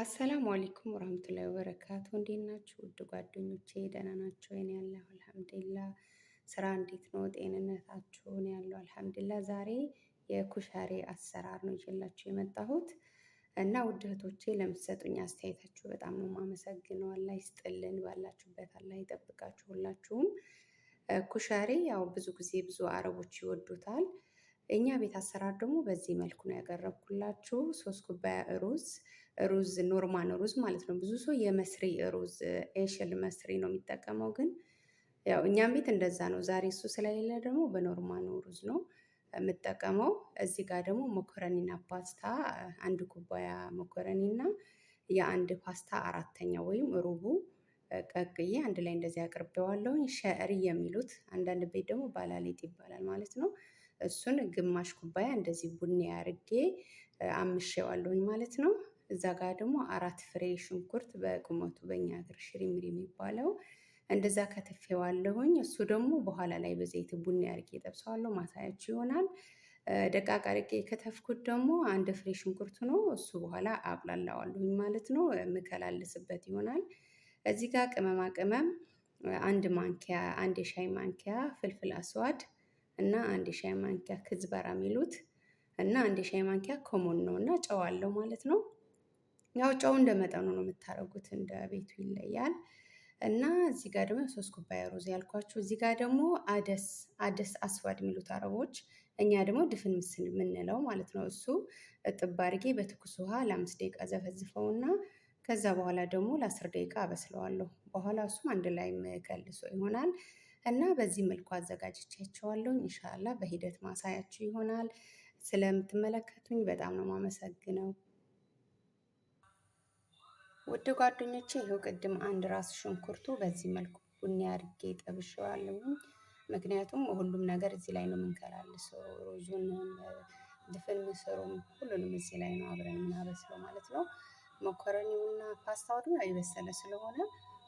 አሰላሙ አለይኩም ወራህመቱላሂ ወበረካቱ። እንዴት ናችሁ ውድ ጓደኞቼ? ደህና ናችሁ? እኔ ያለሁ አልሐምዱሊላ። ስራ እንዴት ነው? ጤንነታችሁ? እኔ ያለሁ አልሐምዱሊላ። ዛሬ የኩሻሬ አሰራር ነው ይዤላችሁ የመጣሁት እና ውድ እህቶቼ ለምትሰጡኝ አስተያየታችሁ በጣም ነው የማመሰግነው። አላህ ይስጥልን፣ ባላችሁበት አላህ ይጠብቃችሁ ሁላችሁም። ኩሻሬ ያው ብዙ ጊዜ ብዙ አረቦች ይወዱታል። እኛ ቤት አሰራር ደግሞ በዚህ መልኩ ነው ያቀረብኩላችሁ። ሶስት ኩባያ ሩዝ ሩዝ ኖርማል ሩዝ ማለት ነው። ብዙ ሰው የመስሪ ሩዝ ኤሽል መስሪ ነው የሚጠቀመው፣ ግን ያው እኛም ቤት እንደዛ ነው። ዛሬ እሱ ስለሌለ ደግሞ በኖርማል ሩዝ ነው የምጠቀመው። እዚህ ጋር ደግሞ መኮረኒና ፓስታ አንድ ኩባያ መኮረኒና የአንድ ፓስታ አራተኛ ወይም ሩቡ ቀቅዬ አንድ ላይ እንደዚህ አቅርቤዋለሁኝ። ሸሪ የሚሉት አንዳንድ ቤት ደግሞ ባላሌጥ ይባላል ማለት ነው። እሱን ግማሽ ኩባያ እንደዚህ ቡኒ አርጌ አምሼዋለሁኝ ማለት ነው። እዛ ጋር ደግሞ አራት ፍሬ ሽንኩርት በቁመቱ በእኛ ሀገር ሽሪምሪ የሚባለው እንደዛ ከትፌዋለሁኝ። እሱ ደግሞ በኋላ ላይ በዘይት ቡኒ አድርጌ ጠብሰዋለሁ፣ ማሳያችሁ ይሆናል። ደቃቅ አድርጌ ከተፍኩት ደግሞ አንድ ፍሬ ሽንኩርት ነው። እሱ በኋላ አቁላላዋለሁኝ ማለት ነው፣ ምከላልስበት ይሆናል። እዚህ ጋር ቅመማ ቅመም አንድ ማንኪያ አንድ የሻይ ማንኪያ ፍልፍል አስዋድ እና አንድ የሻይ ማንኪያ ክዝበራ የሚሉት እና አንድ የሻይ ማንኪያ ኮሞን ነው እና ጨዋለሁ ማለት ነው። ያው ጨው እንደ መጠኑ ነው የምታደርጉት፣ እንደ ቤቱ ይለያል። እና እዚህ ጋር ደግሞ ሶስት ኩባያ ሩዝ ያልኳችሁ፣ እዚህ ጋር ደግሞ አደስ አደስ አስዋድ የሚሉት አረቦች፣ እኛ ደግሞ ድፍን ምስል የምንለው ማለት ነው። እሱ ጥብ አድርጌ በትኩስ ውሃ ለአምስት ደቂቃ ዘፈዝፈውና ከዛ በኋላ ደግሞ ለአስር ደቂቃ አበስለዋለሁ። በኋላ እሱም አንድ ላይ መገልሶ ይሆናል እና በዚህ መልኩ አዘጋጅቻቸዋለሁ። እንሻላ በሂደት ማሳያችሁ ይሆናል። ስለምትመለከቱኝ በጣም ነው ማመሰግነው። ውድ ጓደኞቼ ይኸው ቅድም አንድ ራስ ሽንኩርቱ በዚህ መልኩ ቡኒ አድርጌ ጠብሼዋለሁ። ምክንያቱም ሁሉም ነገር እዚህ ላይ ነው የምንከላልሰው። ሩዙንም፣ ድፍን ምስሩም ሁሉንም እዚህ ላይ ነው አብረን የምናበስለው ማለት ነው። መኮረኒውና ፓስታው ደግሞ የበሰለ ስለሆነ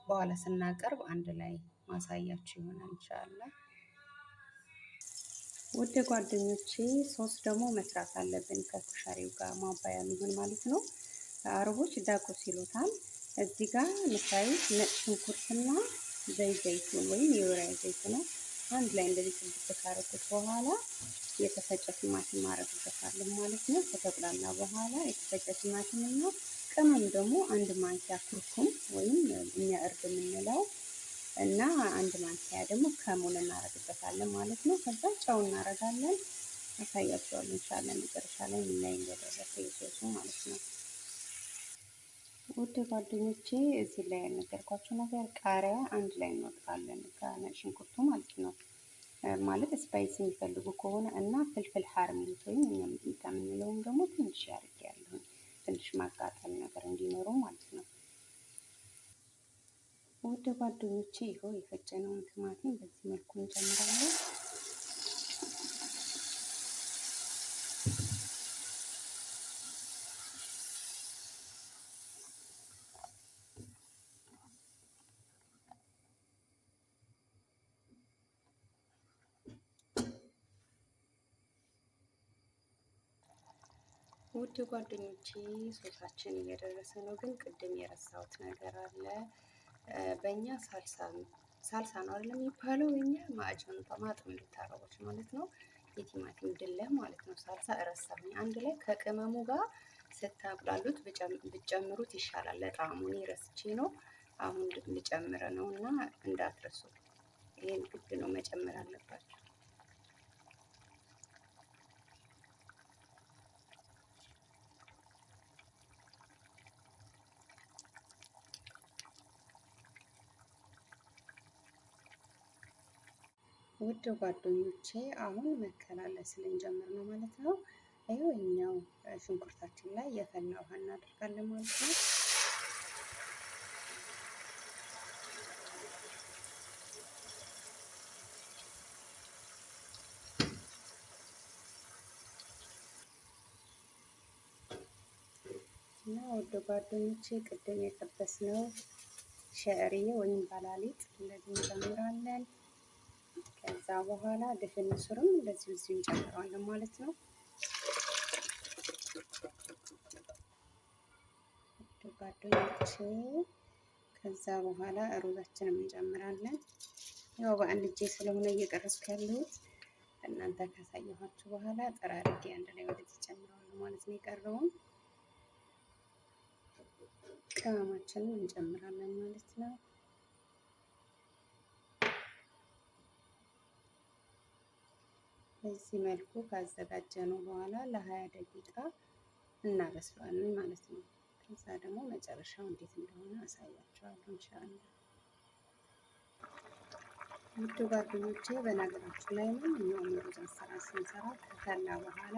በኋላ ስናቀርብ አንድ ላይ ማሳያችሁ ይሆናል ኢንሻላህ። ውድ ጓደኞቼ ሶስት ደግሞ መስራት አለብን ከኩሻሪው ጋር ማባያ የሚሆን ማለት ነው። አረቦች ዳቆስ ይሉታል። እዚህ ጋር የምታዩት ነጭ ሽንኩርትና ዘይት ዘይቱን ወይም የወይራ ዘይት ነው። አንድ ላይ እንደዚህ ጥብቅ ካረኩት በኋላ የተፈጨ ቲማቲም አረግበታለሁ ማለት ነው። ከተቁላላ በኋላ የተፈጨ ቲማቲምና ቅመም ደግሞ አንድ ማንኪያ ኩርኩም ወይም እኛ እርድ የምንለው እና አንድ ማንኪያ ደግሞ ከሙን እናረግበታለን ማለት ነው። ከዛ ጨው እናረጋለን። አሳያቸዋለሁ። እንሻለን መጨረሻ ላይ የምናይ እንደደረሰ የሶሱ ማለት ነው። ውድ ጓደኞቼ እዚህ ላይ ያልነገርኳችሁ ነገር ቃሪያ አንድ ላይ እንወቅጣለን ከነጭ ሽንኩርቱ ማለት ነው። ማለት ስፓይስ የሚፈልጉ ከሆነ እና ፍልፍል ሀር ሚሉት ወይም እኛ ሚጣ የምንለውም ደግሞ ትንሽ ያርግ ያለሁኝ ትንሽ ማቃጠል ነገር እንዲኖረው ማለት ነው። ውድ ጓደኞቼ ይኸው የፈጨነውን ቲማቲም በዚህ መልኩ እንጨምራለን። ውድ ጓደኞቼ ሶሳችን እየደረሰ ነው፣ ግን ቅድም የረሳሁት ነገር አለ። በእኛ ሳልሳ ነው አይደለም የሚባለው እኛ ማጭን ጠማጥም ልታረቦች ማለት ነው። የቲማቲም ድልህ ማለት ነው። ሳልሳ እረሳሁኝ። አንድ ላይ ከቅመሙ ጋር ስታብላሉት ብጨምሩት ይሻላል። ለጣዕሙ ረስቼ ነው አሁን ልጨምረ ነው እና እንዳትረሱ። ይህን ግድ ነው መጨመር አለባቸው። ውድ ጓደኞቼ አሁን መከላለስ ልንጀምር ነው ማለት ነው። ይኸው እኛው ሽንኩርታችን ላይ የፈላ ውሃ እናደርጋለን ማለት ነው። እና ወደ ጓደኞቼ ቅድም የጠበስነው ሸሪ ወይም ባላሊጥ እንደዚህ እንጀምራለን። ከዛ በኋላ ድፍን ምስሩን እንደዚህ እዚህ እንጨምረዋለን ማለት ነው። ጓደኞቼ ከዛ በኋላ ሩዛችንም እንጨምራለን። ያው በአንድ እጄ ስለሆነ እየቀረስኩ ያለሁት እናንተ ካሳየኋችሁ በኋላ ጠራርጌ አንድ ላይ ወደዚህ ጨምረዋለሁ ማለት ነው። የቀረውን ቅመማችንን እንጨምራለን ማለት ነው። በዚህ መልኩ ካዘጋጀነው በኋላ ለሀያ ደቂቃ እናበስለዋለን ማለት ነው። ከዛ ደግሞ መጨረሻው እንዴት እንደሆነ አሳያችኋለሁ ኢንሻአላህ። ውድ ጓደኞቼ በነገራችሁ ላይ ነው እኛውም የሩዝ አሰራር ስንሰራ ከፈላ በኋላ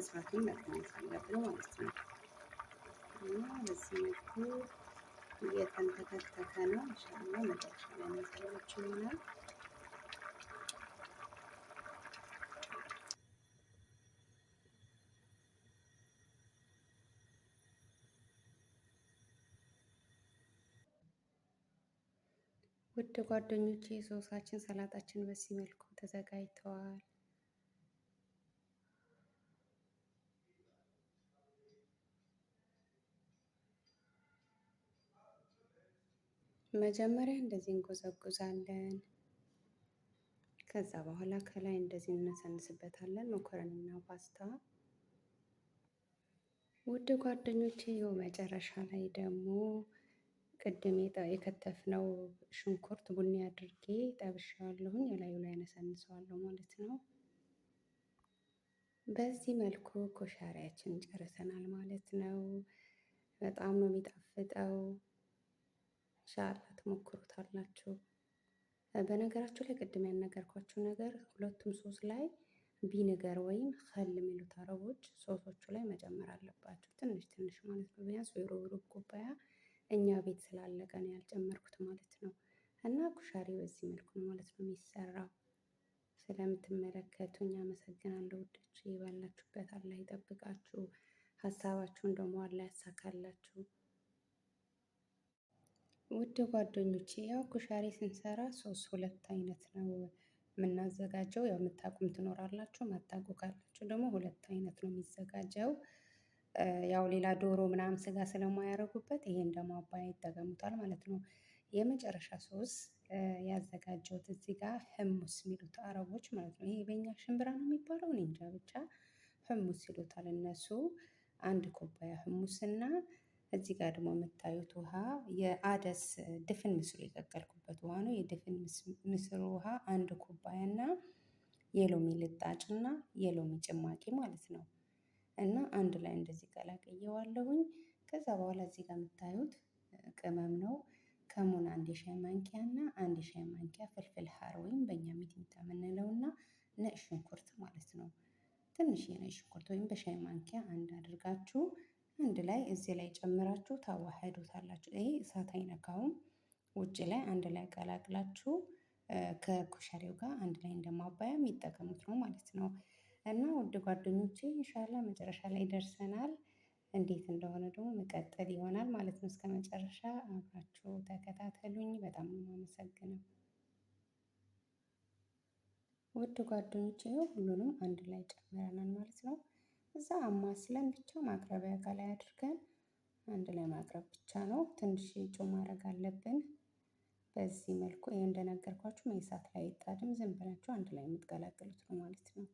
እሳቱን መቀነስ አለብን ማለት ነው። እና በዚህ መልኩ እየተንተከተከ ነው ኢንሻአላህ መጨረሻ ላይ የሚያሳያችሁ ይሆናል። ውድ ጓደኞቼ ሶሳችን ሰላጣችን በዚህ መልኩ ተዘጋጅተዋል። መጀመሪያ እንደዚህ እንጎዘጉዛለን። ከዛ በኋላ ከላይ እንደዚህ እንነሰንስበታለን መኮረኒና ፓስታ። ውድ ጓደኞቼ ይኸው መጨረሻ ላይ ደግሞ ቅድም የከተፍነው ሽንኩርት ቡኒ አድርጌ ጠብሻዋለሁኝ። የላዩ ላይ አነሳንሰዋለሁ ማለት ነው። በዚህ መልኩ ኮሻሪያችን ጨርሰናል ማለት ነው። በጣም ነው የሚጣፍጠው። ኢንሻአላ ትሞክሩታላችሁ። በነገራችሁ ላይ ቅድም ያነገርኳችሁ ነገር ሁለቱም ሶስ ላይ ቪኒገር ወይም ከል የሚሉት አረቦች ሶሶቹ ላይ መጨመር አለባችሁ። ትንሽ ትንሽ ማለት ነው። ቢያንስ ሩብ ኩባያ እኛ ቤት ስላለቀ ነው ያልጨመርኩት ማለት ነው። እና ኩሻሪ በዚህ መልኩ ነው ማለት ነው የሚሰራው። ስለምትመለከቱኝ አመሰግናለሁ ውዶች። ባላችሁበት አላህ ይጠብቃችሁ፣ ሀሳባችሁን ደግሞ አላህ ያሳካላችሁ። ውድ ጓደኞቼ ያው ኩሻሪ ስንሰራ ሶስት ሁለት አይነት ነው የምናዘጋጀው። ያው የምታውቁም ትኖራላችሁ፣ ማታውቁ ካላችሁ ደግሞ ሁለት አይነት ነው የሚዘጋጀው። ያው ሌላ ዶሮ ምናምን ስጋ ስለማያደርጉበት ይሄን ደግሞ አባይ ይጠቀሙታል ማለት ነው። የመጨረሻ ሶስ ያዘጋጀሁት እዚህ ጋር ህሙስ የሚሉት አረቦች ማለት ነው። ይሄ ሽንብራ ሽምብራ ነው የሚባለው፣ እኔ እንጃ ብቻ ህሙስ ይሉታል እነሱ። አንድ ኩባያ ህሙስና እዚህ ጋር ደግሞ የምታዩት ውሃ የአደስ ድፍን ምስሩ የቀቀልኩበት ውሃ ነው። የድፍን ምስሩ ውሃ አንድ ኩባያና የሎሚ ልጣጭና የሎሚ ጭማቂ ማለት ነው። እና አንድ ላይ እንደዚህ ቀላቅየዋለሁኝ። ከዛ በኋላ እዚህ ጋር የምታዩት ቅመም ነው። ከሙን አንድ የሻይ ማንኪያ እና አንድ የሻይ ማንኪያ ፍልፍል ሀር ወይም በእኛ ሚጥሚጣ የምንለው እና ነጭ ሽንኩርት ማለት ነው። ትንሽ የነጭ ሽንኩርት ወይም በሻይ ማንኪያ አንድ አድርጋችሁ አንድ ላይ እዚህ ላይ ጨምራችሁ ታዋህዱታላችሁ። ይሄ እሳት አይነካውም። ውጭ ላይ አንድ ላይ ቀላቅላችሁ ከኩሸሬው ጋር አንድ ላይ እንደማባያ የሚጠቀሙት ነው ማለት ነው። እና ውድ ጓደኞቼ ኢንሻላ መጨረሻ ላይ ደርሰናል። እንዴት እንደሆነ ደግሞ መቀጠል ይሆናል ማለት ነው። እስከ መጨረሻ አብራችሁ ተከታተሉኝ። በጣም ነው የማመሰግነው ውድ ጓደኞቼ። ሁሉንም አንድ ላይ ጨምረናል ማለት ነው። እዛ አማስለን ብቻ ማቅረቢያ እቃ ላይ አድርገን አንድ ላይ ማቅረብ ብቻ ነው። ትንሽ ጮ ማድረግ አለብን። በዚህ መልኩ ይህ እንደነገርኳችሁ እሳት ላይ አይጣድም። ዝም ብላችሁ አንድ ላይ የምትቀላቅሉት ነው ማለት ነው።